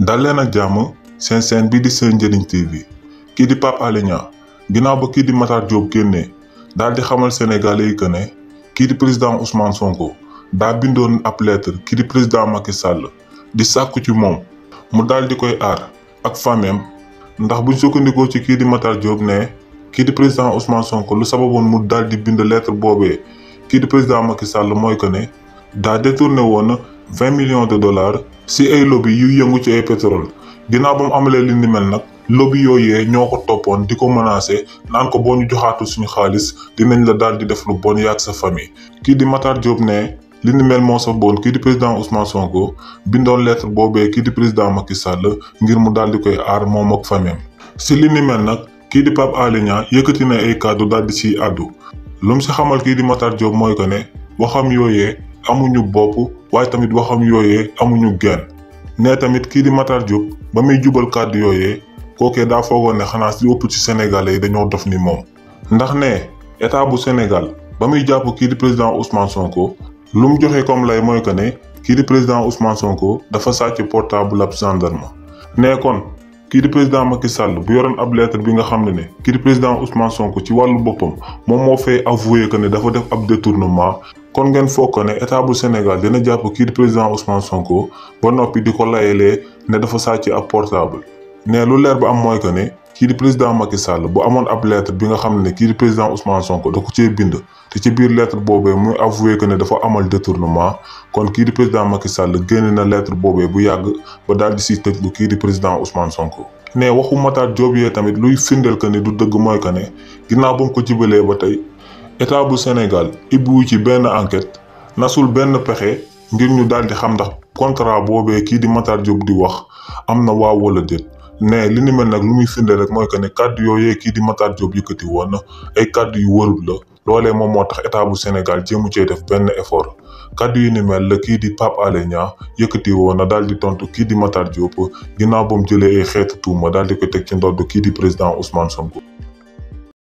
dal leen ak jàmm seen seen bii di seen njëriñ bi kii di Pape Alé Niang ba kii di Matar Diop génnee daal di xamal sénégalais yi que ne kii di président Ousmane Sonko daa bindoon ab lettre kii di président Macky Sall di sàkku ci moom mu daal di koy aar ak famem ndax buñ sukkandikoo ci kii di Matar Diop ne kii di président Ousmane Sonko lu sababoon mu daal di bind lettre boobee kii di président Macky Sall mooy que ne daa détourné woon vingt millions de dollars. si ay lobby yu yëngu ci ay pétrole ginnaaw ba amalee li ni mel nag lobby yooyee ñoo ko toppoon di ko menacé naan ko boo ñu joxaatul suñu xaalis dinañ la daal di def lu bon yaag sa famille. kii di Matar Diop ne li ni mel moo sa bon kii di président Ousmane Sonko bindoon lettre boobee kii di président Macky Sall ngir mu daal di koy aar moom ak famille si li ni mel nag kii di Pape Alé Niang yëkkati na ay kàddu daal di ciy àddu lu si xamal kii di Matar jóob mooy ko ne waxam yooyee. amuñu bopp waaye tamit waxam yooyee amuñu genn ne tamit kii di Matar Diop ba muy jubal kàddu yooyee kookee daa foogoon ne xanaa si ëpp ci sénégalais yi dañoo dof ni moom ndax ne état bu Sénégal ba muy jàpp kii di président Ousmane Sonko lu mu joxe comme lay mooy que ne kii di président Ousmane Sonko dafa sàcc portable ab gendarme ne kon kii di président Macky Sall bu yoroon ab lettre bi nga xam ne ne kii di président Ousmane Sonko ci wàllu boppam moom moo fay avoué que ne dafa def ab détournement kon ngeen foog ne état bu Sénégal dina jàpp kii di président Ousmane Sonko ba noppi di ko layelee ne dafa sàcc ab portable ne lu leer ba am mooy que ne kii di président Macky Sall bu amoon ab lettre bi nga xam ne ki, di président Ousmane Sonko da ko cee bind te ci biir lettre boobee muy avoué que ne dafa amal détournement kon ki di président Macky Sall génne na lettre boobee bu yàgg ba daal di siy tëj lu di président Ousmane Sonko. ne waxu Matar Diop yee tamit luy firndeel que ne du dëgg mooy que ne ginnaaw ba mu ko jibalee ba tey. état bu Sénégal ibbiwu ci benn enquête nasul benn pexe ngir ñu daal di xam ndax contrat boobee kii di Matar Diop di wax am na waaw wala déet ne li ni mel nag lu muy firnde rek mooy que ne kàddu yooyee kii di Matar Diop yëkkati woon na ay kàddu yu warul la loolee moom moo tax état bu Sénégal jéemu cee def benn effort kàddu yu ni mel la kii di Pape Alé Niang yëkkati woon na daal di tontu kii di Matar Diop ginnaaw ba mu jëlee ay xeetu tuuma daal di ko teg ci ndodd kii di président Ousmane Sonko.